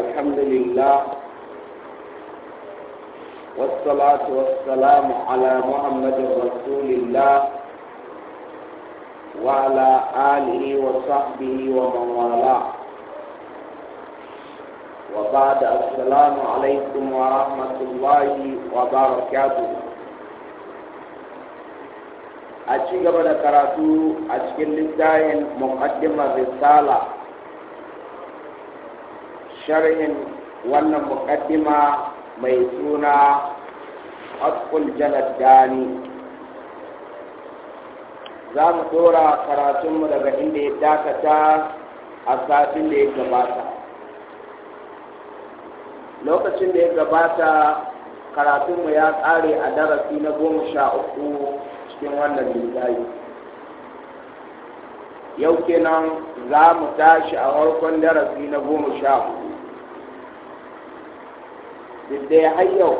الحمد لله والصلاة والسلام على محمد رسول الله وعلى آله وصحبه ومن والاه وبعد السلام عليكم ورحمة الله وبركاته أشيغ بدأ كراتو أشكل للدائن مقدمة رسالة sharhin wannan muqaddima mai suna Asqul jaladani za mu dora karatunmu daga inda ya dakata a satin da ya gabata lokacin da ya gabata karatunmu ya ƙare a darasi na goma sha uku cikin wannan littafi yau kenan za mu tashi a farkon darasi na goma sha duk dai har yau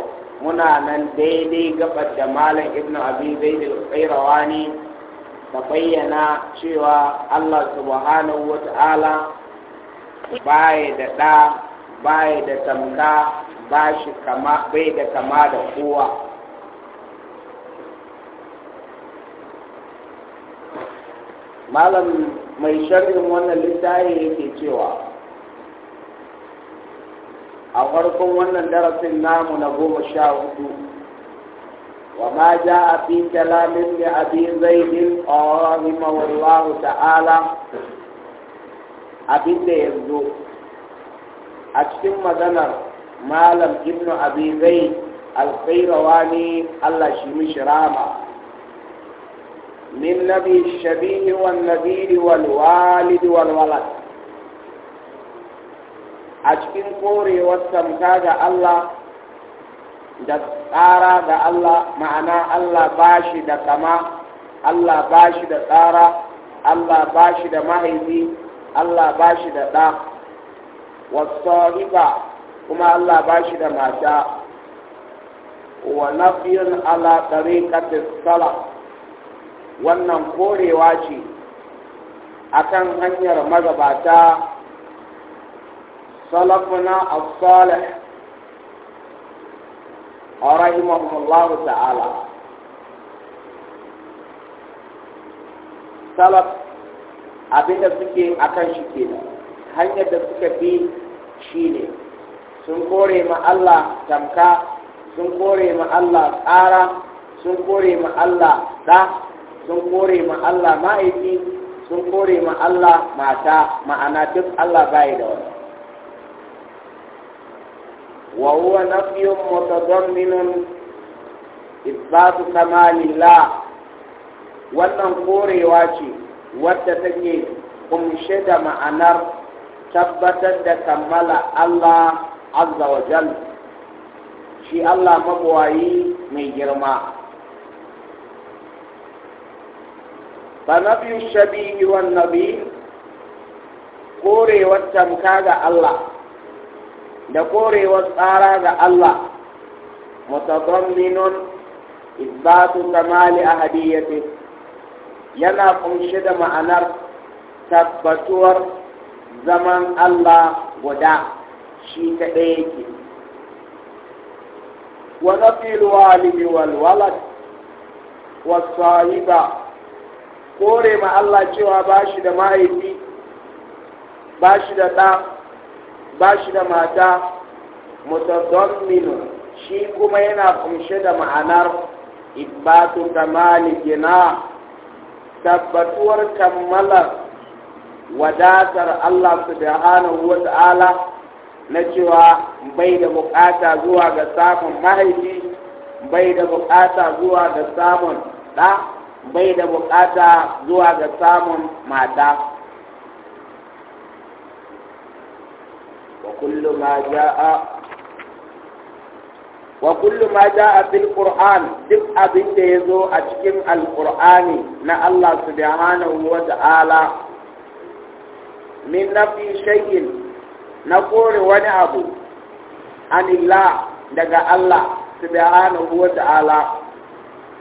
muna nan daidai gabar da malam ibnu abi zaid al-qayrawani ta bayyana cewa Allah subhanahu wata'ala baya da ɗa baya da tamka ba shi kama bai da kama da kowa malam mai sharrin wannan littafi yake cewa أغركم وأن درس النام نبوم الشاهد وما جاء في كلام لأبي زيد رحمه الله تعالى أبي زيد أشتم ذنر ما لم ابن أبي زيد القيرواني الله شمش راما من نبي الشبيه والنذير والوالد والولد a cikin korewar tamka ga Allah da tsara ga Allah ma'ana Allah ba shi da kama Allah ba shi da tsara Allah ba shi da mahaifi Allah ba shi da ɗa wasu kuma Allah ba shi da mata wa nafiyin ala tariqatis sala wannan korewa ce akan hanyar magabata salafuna as-salih rahimahumullah ta'ala salaf abinda suke a shi kenan hanyar da suka bi shine sun kore ma Allah tamka sun kore ma Allah tsara sun kore ma Allah ɗa sun kore ma Allah ma'aiki sun kore ma Allah mata ma'ana duk Allah bai da wani وهو نفي متضمن إثبات كمال الله wannan korewa ce wadda take kumshe da ma'anar tabbatar da kammala Allah azza wa jal shi Allah mabuwayi mai girma ba nabiyu shabihi wan nabi korewar tamka ga Allah da korewar tsara ga Allah mutadamminun isbatu kamali ahadiyati yana kunshe da ma'anar tabbatuwar zaman Allah guda shi ta ɗaya ke wa nafilu walidi wal walad wa sahiba kore ma Allah cewa bashi da mahaifi bashi da ɗa ba shi da mata mutadamminu shi kuma yana kunshe da ma'anar ibatu kamali gina tabbatuwar kammalar wadatar Allah subhanahu wa ta'ala na cewa bai da bukata zuwa ga samun mahaifi bai da bukata zuwa ga samun ɗa bai da bukata zuwa ga samun mata Wa ما جاء وكل ما جاء في duk abin da ya zo a cikin alƙur'ani na Allah subhanahu wa ta'ala min nafi shay'in na kore wani abu anillah daga Allah subhanahu wa ta'ala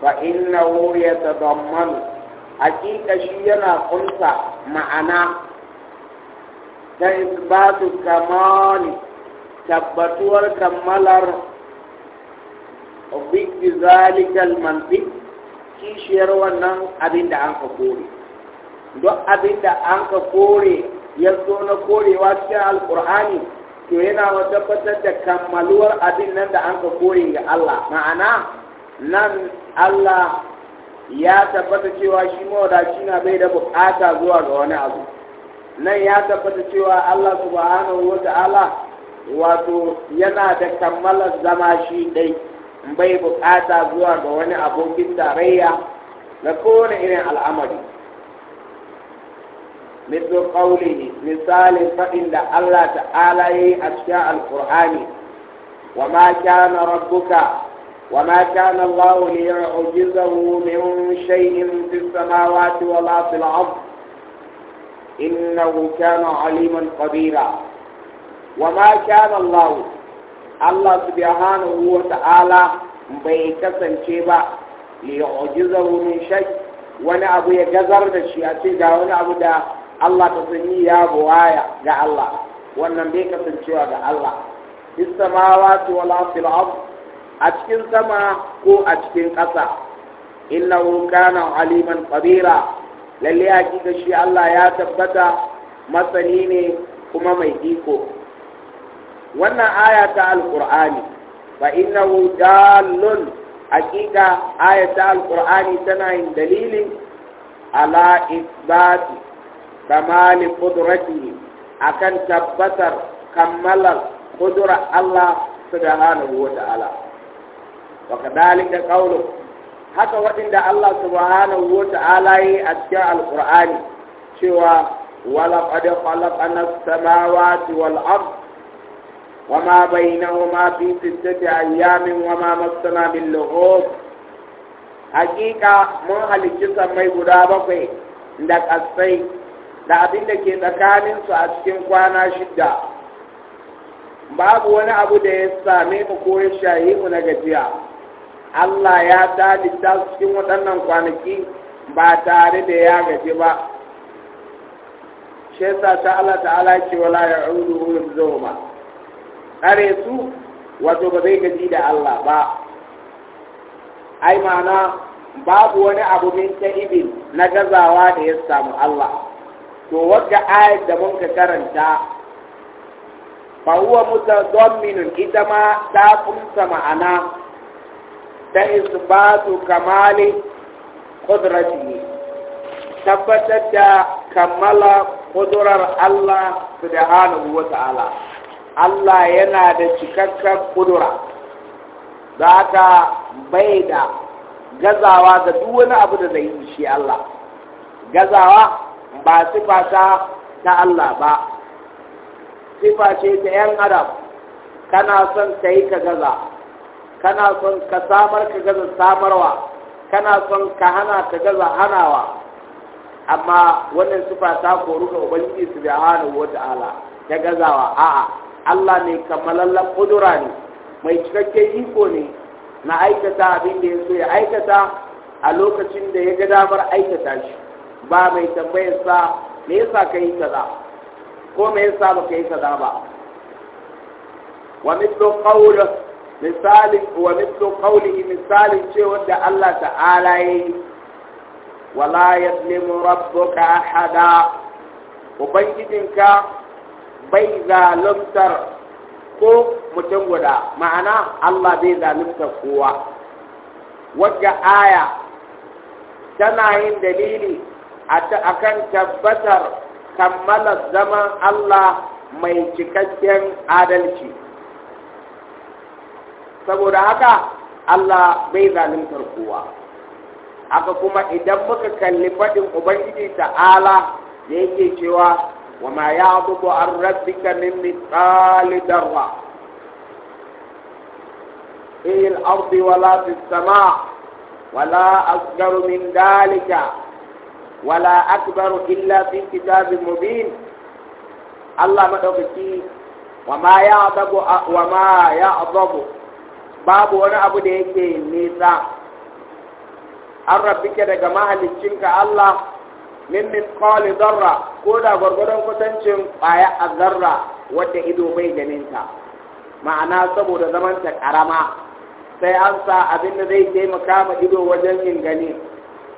fa innahu yatadammanu hakika shi yana ƙunsa ma'ana ta isbatu kamali tabbatuwar kammalar bi zalikal manfi kishiyar wannan abin da an ka kore don abin da an ka kore ya zo na korewa cikin alkur'ani to yana wa tabbatar da kammaluwar abin nan da an ka kore ga Allah ma'ana nan Allah ya tabbata cewa shi mawadaci na bai da bukata zuwa ga wani abu nan ya tabbata cewa Allah subhanahu wa ta'ala wato yana da kammalar zama shi dai bai bukata zuwa ga wani abokin tarayya na kowane irin al'amari misal qawlihi misalin faɗin da Allah ta'ala yi a cikin alqur'ani wa ma kana rabbuka wa ma وما كان الله ليعجزه shay'in شيء في السماوات ولا في الأرض إنه كان عليما قديرا وما كان الله الله سبحانه وتعالى bai kasance ba Ya yu'jizahu min shay wani abu ya gazar da shi a ce ga wani abu da Allah ta sani ya buwaya ga Allah wannan bai kasancewa ga Allah fis samawati wala fil a cikin sama ko a cikin ƙasa Inna kana aliman qadira lalle hakika shi Allah ya tabbata masani ne kuma mai iko wannan aya ta alkur'ani fa innahu dalun hakika aya ta tana yin dalilin? ala isbati kamali qudratihi akan tabbatar kammalar qudrar Allah subhanahu wa ta'ala wa kadhalika qawluhu haka waɗanda Allah subhanahu wa ta'ala yi a cikin alƙur'ani cewa wala ƙwaɗe ƙwalaƙwana samawa ti wal'ab wa ma bayina fi ayyamin wa ma masana min lahob hakika mun halicci sammai guda bakwai da ƙasai da abin da ke tsakanin su a cikin kwana shida babu wani abu da ya same ku ko ya shaye ku na gajiya Allah ya talita cikin waɗannan kwanaki ba tare da ya gaji ba shi sa ta Allah ta'ala ce wala ya'udu ulul ba. kare su wato ba zai gaji da Allah ba ai ma'ana babu wani abu min ta ibi na gazawa da ya samu Allah to wadda ayat da mun ka karanta fa huwa mutadamminun ita ma ta kumsa ma'ana ta isbatu kamali qudratihi tabbatar da kammala kudurar Allah subhanahu wa ta'ala Allah yana da cikakken kudura za ka bai da gazawa ga duk wani abu da zai yi shi Allah gazawa ba sifa ta ta Allah ba sifa ce ta yan adam kana son ta yi ka gaza kana son ka samar ka gaza samarwa kana son ka hana ka gaza hanawa amma wannan sifa ta koru ga ubangiji wata ala ta gazawa a'a Allah ne kamalallan kudura ne mai cikakken iko ne na aikata abin da ya so ya aikata a lokacin da ya ga damar aikata shi ba mai tambayar sa me yasa yi kaza ko me yasa ka yi kaza ba wa mithlu da. misalin wa mislu qawlihi misalin ce wanda Allah ta'ala yi wala yadlimu rabbuka ahada ubangijinka bai zaluntar ko mutum guda ma'ana Allah bai zalunta kowa wadda aya tana yin dalili akan tabbatar kammala zaman Allah mai cikakken adalci saboda haka Allah bai zalimtar kowa aka kuma idan muka kalli faɗin ubangiji ala da yake cewa wa ma ya abubu an rabbi ka min mitsali darwa il ardi wala fi wala asgaru min dalika wala akbaru illa fi kitabi mubin Allah madaukaki wa ma ya abubu wa ma ya abubu babu wani abu da yake nisa an ke daga ka Allah min min qali zarra ko da gwargwadon kusancin ƙwaya a zarra wadda ido bai ganinta ma'ana saboda zamanta karama sai an sa abin da zai taimaka ma ido wajen yin gani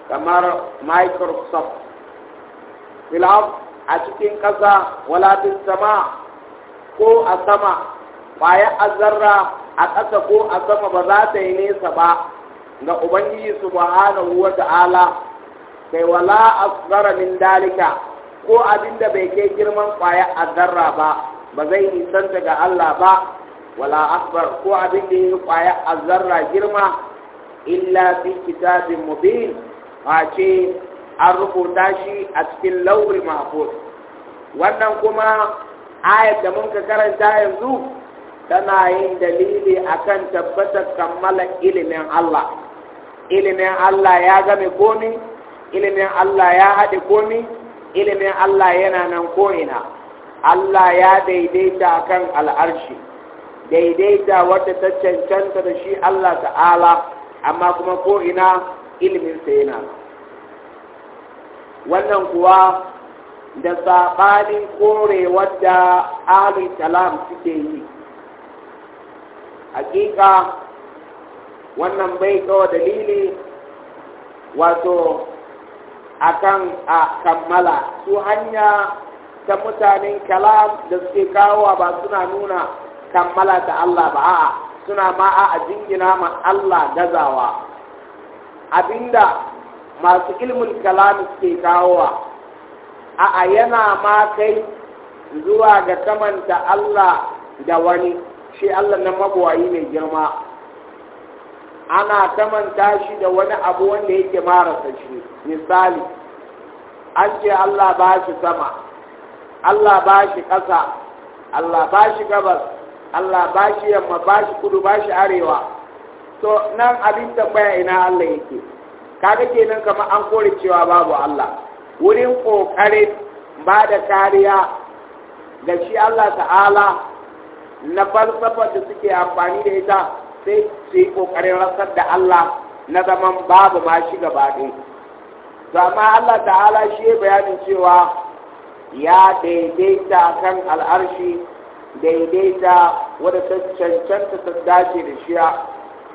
kamar microsoft filaf a cikin ƙasa wala sama ko a sama ƙwaya a zarra a ƙasa ko a sama ba za ta yi nesa ba ga ubangiji subhanahu wa ta'ala kai wala asghara min dalika ko abin da bai kai girman kwaya zarra ba ba zai nisanta ga Allah ba wala akbar ko abin da yi kwaya zarra girma illa fi kitabin mubin a ce an rubuta shi a cikin lauri mahfuz wannan kuma ayat da mun ka karanta yanzu tana yin dalili a kan tabbatar kammala ilimin Allah ilimin Allah ya game komi ilimin Allah ya haɗe komi ilimin Allah yana nan ko'ina Allah ya daidaita kan al'arshi daidaita wata ta cancanta da shi Allah ta'ala amma kuma ko'ina ilimin yana wannan kuwa da saɓanin kore wadda ahalin salam suke yi hakika wannan bai kawo dalili wato akan a kammala su hanya ta mutanen kalam da suke kawowa ba suna nuna kammala ta Allah ba a'a suna ma a jingina ma Allah gazawa abinda masu ilmin kalam suke kawowa a'a yana ma kai zuwa ga samanta Allah da wani shi Allah na magwayi mai girma ana tamanta shi da wani abu wanda yake marasa shi misali an ce Allah ba shi sama Allah ba shi ƙasa Allah ba shi gabas Allah ba shi yamma ba shi kudu ba shi arewa to nan abin tambaya ina Allah yake kaga kenan kamar an kore cewa babu Allah wurin kokarin ba da kariya ga shi Allah ta'ala na falsafa da suke amfani da ita sai su yi ƙoƙarin rasar da Allah na zaman babu ma shi gaba ɗin. Zama Allah ta'ala shi bayanin cewa ya daidaita kan al'arshi daidaita wadda ta cancanta ta dace da shiya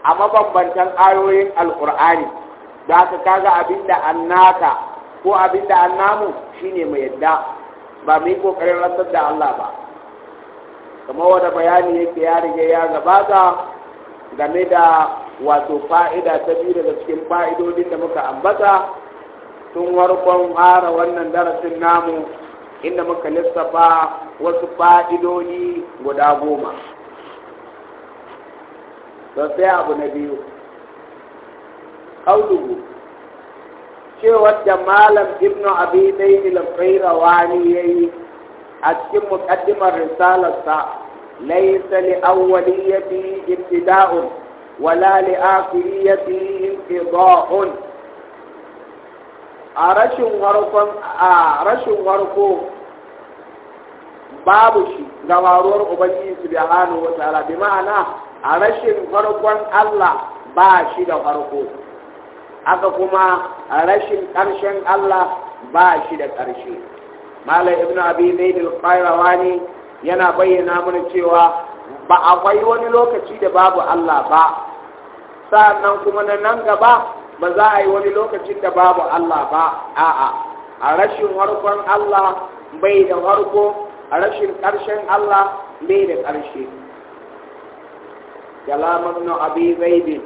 a mabambantan ayoyin alƙur'ani da aka kaga abinda annaka ko abinda annamu shine mai yadda ba mai ƙoƙarin rasar da Allah ba. kamar wani bayani yake ya rige ya gabata game da wato fa'ida ta biyu daga cikin fa'idodin da muka ambata tun warkon fara wannan darasin namu inda muka lissafa wasu fa'idodi guda goma sai abu na biyu ƙaulugu cewar da malam ibnu abi daidil ne ya yi a cikin muƙaddimar risalarsa laysa li awwaliyati ibtida'un wala li akhiriyati inqida'un a rashin warkon a rashin warko babu shi ga waruwar ubangiji subhanahu wa ta'ala bi ma'ana a rashin farkon Allah ba shi da farko haka kuma a rashin ƙarshen Allah ba shi da ƙarshe malam Ibn abi zaid al-qayrawani yana bayyana mana cewa ba akwai wani lokaci da babu Allah ba sa'annan kuma na nan gaba ba za a yi wani lokacin da babu Allah ba a'a a rashin harkon Allah bai da harko a rashin ƙarshen Allah bai da ƙarshe kalamun na abi zaidi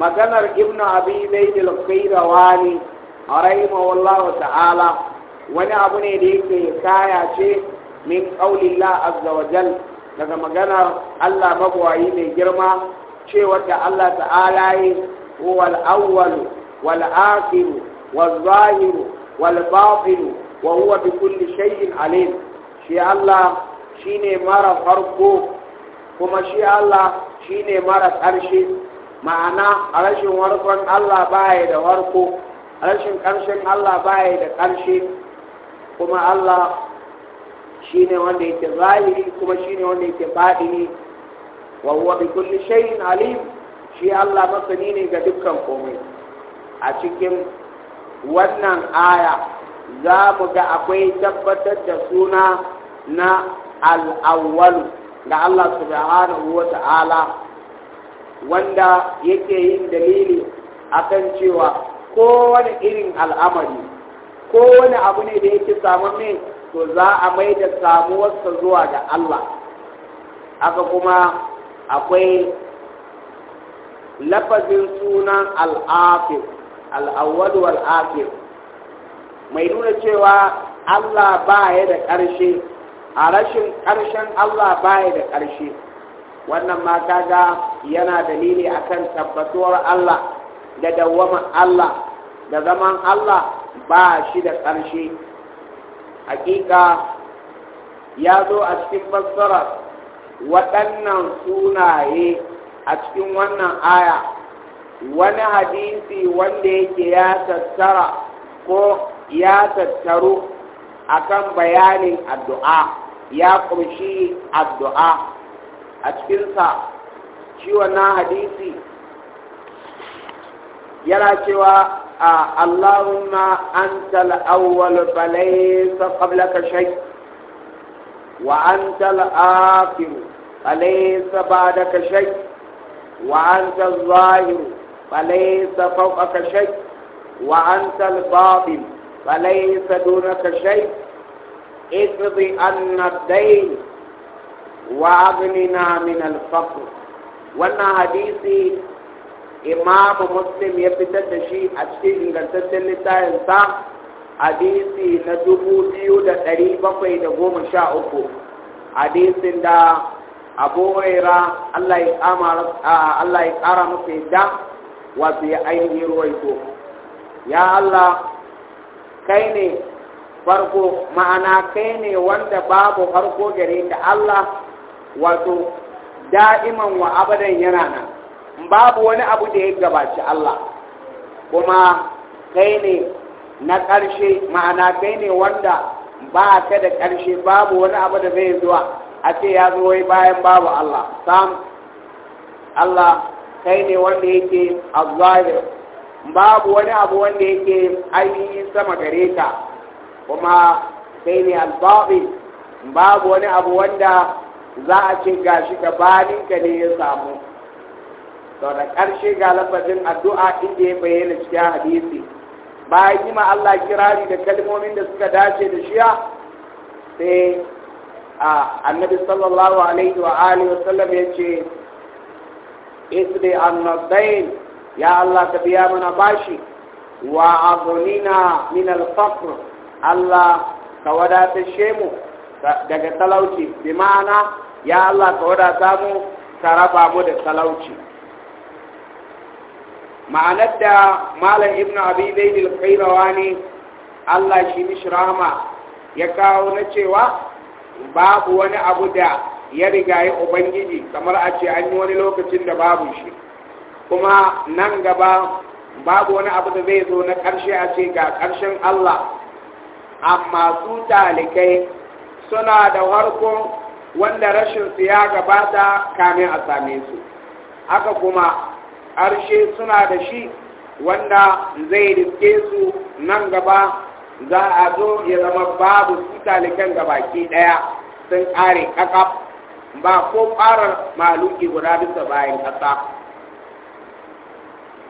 maganar ibnu abi ne. al-qayrawani rahimahullahu ta'ala wani abu ne da yake kaya ce min qaulillah azza daga maganar Allah magwayi mai girma cewa da Allah ta'ala yi wal awwal wal akhir wal zahir wal batin wa huwa bi kulli shay'in alim shi Allah shine mara farko kuma shi Allah shine mara ƙarshe ma'ana a rashin warkon Allah baya da warko a rashin ƙarshen Allah baya da ƙarshe kuma Allah shi ne wanda yake zahiri kuma shi ne wanda yake baɗini wa huwa bi kulli shay'in alim shi Allah masani ne ga dukkan komai a cikin wannan aya za mu ga akwai tabbatar da suna na al'awwalu ga Allah subhanahu wa ta'ala wanda yake yin dalili akan cewa kowane irin al'amari ko wani abu ne da yake samun min to za a mai da samuwarsa zuwa ga Allah haka kuma akwai lafazin sunan al'afir al'awwalu al'afir mai nuna cewa Allah ba ya da ƙarshe a rashin ƙarshen Allah ba ya da ƙarshe wannan ma ga yana dalili akan tabbatuwar Allah da dawwamar Allah da zaman Allah ba shi da ƙarshe hakika ya zo a cikin fassara waɗannan sunaye a cikin wannan aya wani hadisi wanda yake ya tattara ko ya tattaru akan bayanin addu'a ya ƙunshi addu'a a cikinsa Ciwon na hadisi yana cewa آه، اللهم أنت الأول فليس قبلك شيء وأنت الآخر فليس بعدك شيء وأنت الظاهر فليس فوقك شيء وأنت الباطن فليس دونك شيء اقض أن الدين وأغننا من الفقر وأن حديثي imamu muslim ya fitar da shi a cikin ingantaccen littafinsa hadisi na dubu biyu da ɗari bakwai da goma sha uku hadisin da abu waira allah ya ƙara musu yadda wato ya ainihin ruwaito ya allah kai ne farko ma'ana kai ne wanda babu farko gare da allah wato da'iman wa abadan yana nan babu wani abu da ya gabaci Allah kuma kai ne na ƙarshe ma'ana kai ne wanda ba ka da ƙarshe babu wani abu da zai zuwa a ce ya zo wai bayan babu Allah sam Allah kai ne wanda yake azzahir babu wani abu wanda yake ainihin sama gare ka kuma kai ne albabi babu wani abu wanda za a ce gashi ka ne ya samu to da ƙarshe ga lafazin addu'a inda ya bayyana cikin hadisi bayan yi ma Allah kirari da kalmomin da suka dace da shiya sai a annabi sallallahu alaihi wa alihi wasallam ya ce an-nadain ya Allah ka biya mana bashi wa abunina min al-faqr Allah ka wadata shemu daga talauci bi ma'ana ya Allah ka wadata mu ka raba mu da talauci ma'anar da malam ibn abi zaidil ne Allah shi mishi rahama ya kawo na cewa babu wani abu da ya riga ya ubangiji kamar a ce an yi wani lokacin da babu shi kuma nan gaba babu wani abu da zai zo na ƙarshe a ce ga ƙarshen Allah amma su talikai suna da harko wanda rashin su ya gabata kamin a same su haka kuma arshe suna da shi wanda zai riske su nan gaba za a zo ya zama babu su talikan ke ɗaya sun kare ƙaƙaf ba ko ƙarar maluki guda bisa bayan ƙasa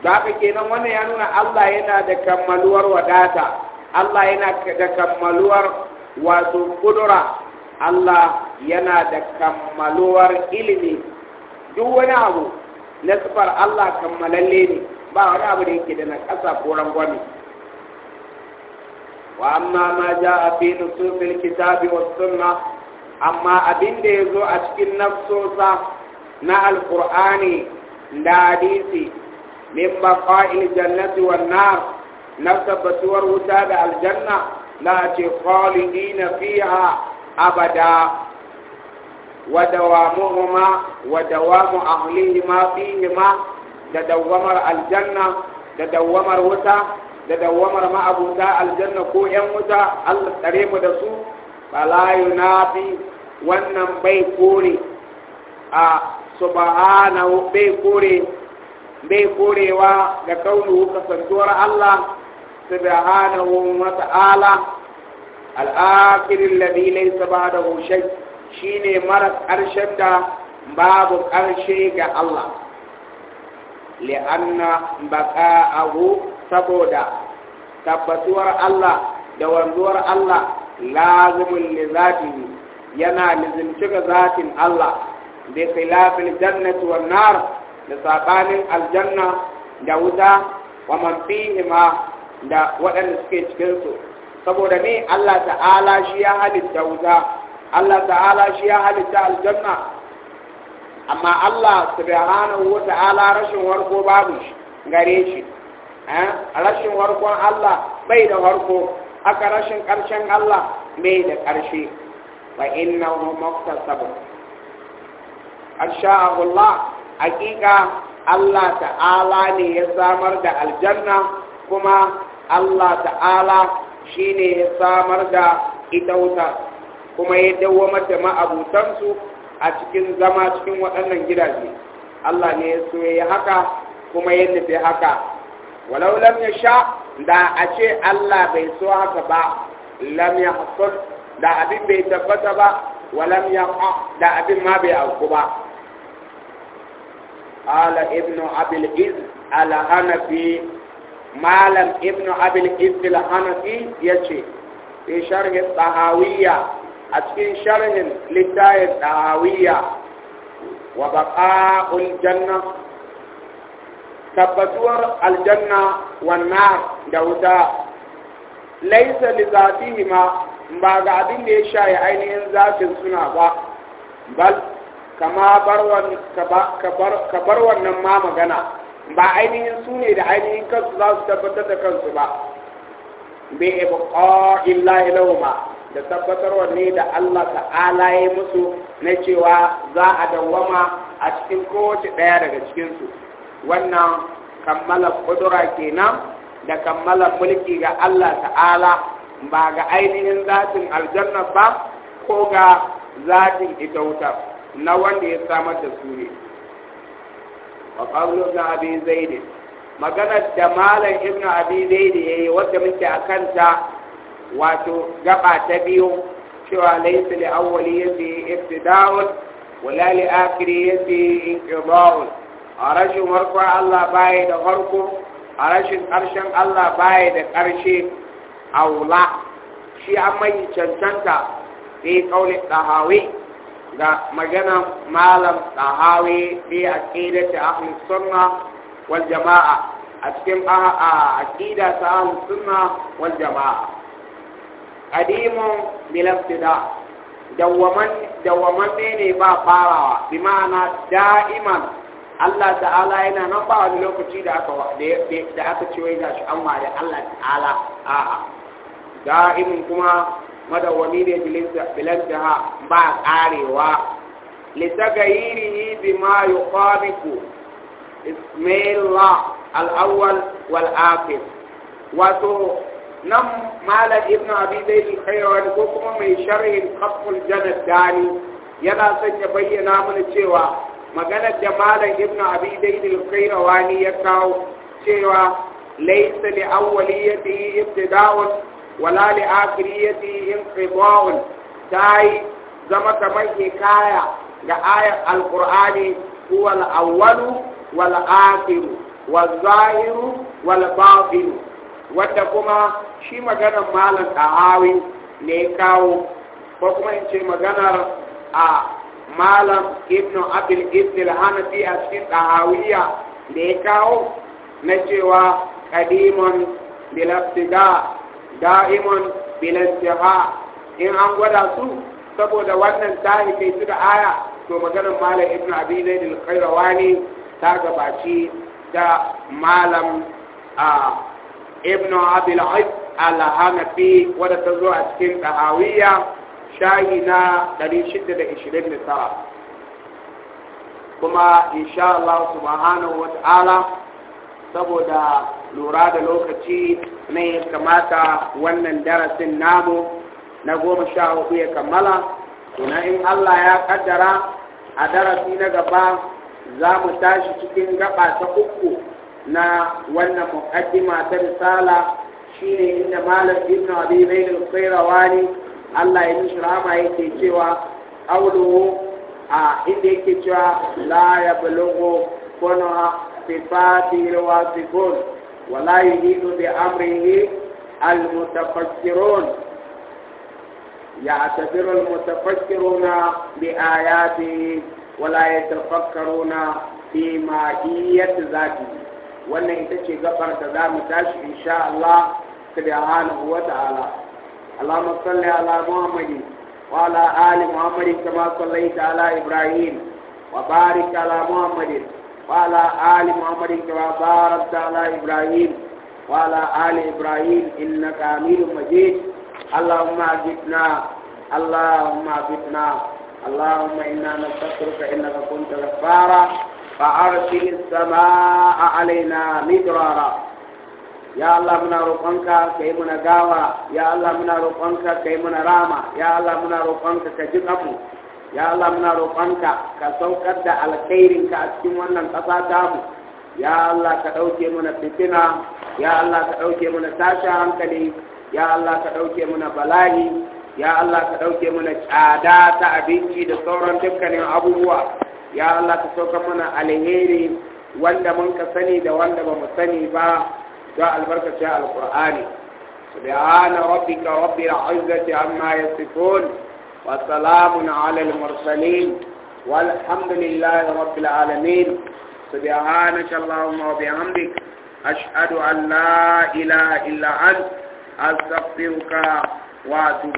za ka kenan wannan ya nuna allah yana da kammaluwar wadata allah yana da kammaluwar wato kudura allah yana da kammaluwar ilimi duk wani abu nasfar Allah kammalalle ne ba wani abu da yake da na ƙasa ko rangwame wa amma ma ja a fi nususil kitabi wa sunna amma abin da ya zo a cikin nafsosa na alkur'ani da hadisi min baqa'il jannati wa nar na tabbatuwar wuta da aljanna la ce khalidina fiya abada ودوامهما ودوام أهلهما فيهما تدومر الجنة تدومر وتا تدومر ما أبوتا الجنة كو يموتا الله تريم دسو فلا ينافي wannan bai kore a subhanahu bai kore bai korewa ga kaunu kasantuwar Allah subhanahu wa ta'ala al-akhir alladhi laysa ba'dahu shay' shine mara ƙarshen da babu ƙarshe ga Allah li'anna baqa'ahu saboda tabbatuwar Allah da wanzuwar Allah lazumin lizatihi yana lizimci ga zatin Allah bi khilafil jannati wan nar da sabanin aljanna da wuta wa man da waɗanda suke cikin su saboda ne Allah ta'ala shi ya halitta wuta Allah ta'ala shi ya halitta aljanna amma Allah subhanahu wa ta'ala rashin warko babu shi gare shi eh? rashin warkon Allah bai da warko aka rashin ƙarshen Allah mai da ƙarshe wa innahu muktasab asha'ahu Allah hakika Allah ta'ala ne ya samar da aljanna kuma Allah ta'ala shine ya samar da ita kuma ya dawwamar da ma'abutansu a cikin zama cikin waɗannan gidaje Allah ne ya so ya haka kuma ya nufi haka walau lam ya sha da a ce Allah bai so haka ba lam ya hasul da abin bai tabbata ba walam ya da abin ma bai auku ba ala ibnu abil iz al hanafi malam ibn abil iz al hanafi yace fi sharh tahawiyya a cikin sharhin littayin ɗawiyya wa baƙa'ul janna tabbatuwar aljanna wannan da wuta laisa li ma ba ga abin da ya shaye ainihin zafin suna ba bal kama bar wannan ma magana ba ainihin su ne da ainihin kansu za su tabbatar da kansu ba bi ibqa illahi lahuma da tabbatarwa ne da Allah ta'ala ya musu na cewa za a dawwama a cikin kowace ɗaya daga cikinsu wannan kammalar ke kenan da kammalar mulki ga Allah ta'ala ba ga ainihin zatin aljanna ba ko ga zatin ita wuta na wanda ya samar da su ne A qawlu na abi maganar da malam ibnu abi ya yayi wanda muke a kanta. wato gaba ta biyu cewa laisa li awwali yati ibtida'un wala li akhiri yati inqida'un a rashin farko Allah baya da farko a rashin ƙarshen Allah baya da ƙarshe aula shi an mai cancanta fi kauli ɗahawi ga magana malam ɗahawi fi aqidati ahli sunna wal jama'a a cikin aqida ta ahli sunna wal jama'a قديم من الابتداء دوما دوما من با بارا بمعنى دائما الله تعالى هنا نبا على لوكتي دا اكو دا اكو تشوي دا شو اما دا الله تعالى اه دائما كما مدى ومين يجلس بلنتها با قاريوا لتغيره بما يقابك اسم الله الاول والاخر وتو nan malam ibn abi zaid ko kuma mai sharhin qaful jannat dani yana son ya bayyana mana cewa maganar da malam ibn abi zaid Wani ya kawo cewa laysa li awwaliyati ibtida'un wala li akhiriyati ta yi zama kamar hikaya ga ayar alqur'ani huwa al-awwalu wal akhiru wal zahiru wal batinu wadda kuma shi maganar malam ɗahawi ne kawo ko kuma in ce maganar a malam ibn abil ibn hanafi a cikin ɗahawiya da kawo na cewa ƙadimun bilastiga da'imun bilastiga in an gwada su saboda wannan tahi kai su da aya to maganar malam ibn abi zaid kairawa ne ta gabaci da malam a ibn abil aib al-hanafi wadda ta zo a cikin tahawiyya shayi na 629 kuma insha Allah subhanahu ta'ala, saboda lura da lokaci ne kamata wannan darasin namu na goma sha hudu ya kammala tuna in Allah ya kaddara a darasi na gaba za mu tashi cikin gaba ta uku na wannan muqaddima ta risala shine inda malam ibnu abi bayn al-qayrawani Allah ya mishi rahama yake cewa qawluhu a inda yake cewa la ya kunha sifati al-wasifun wa la yuhidu bi amrihi al-mutafakkirun يعتبر المتفكرون بآياته ولا yatafakkaruna fi ماهية ذاته wannan ita ce gafar da za mu tashi insha Allah subhanahu wa ta'ala Allahumma salli ala Muhammad wa ala ali Muhammad kama sallaita ala Ibrahim wa barik ala Muhammad wa ala ali Muhammad kama barakta ala Ibrahim wa ala ali Ibrahim innaka Hamidum Majid Allahumma ajibna Allahumma ajibna اللهم إنا نستغفرك إنك كنت غفارا فأرسل السماء علينا مدرارا يا الله من روقنك كي من غاوا يا الله من روقنك كي من راما يا الله من روقنك كجقمو يا الله من روقنك كسوكد على الخيرنك كأسكم ونن قصاتامو يا الله كأوكي من فتنا يا الله كأوكي من ساشا عمكلي يا الله كأوكي من بلاي يا الله كأوكي من شعادات أبيكي ta تبكني da sauran ya Allah ka sauka mana alheri wanda mun ka sani da wanda ba mu sani ba da albarkaci alkur'ani subhana rabbika rabbil izzati amma yasifun wa salamun ala al mursalin walhamdulillahi rabbil alamin subhanaka allahumma wa bihamdik ashhadu an la ilaha illa anta astaghfiruka wa atubu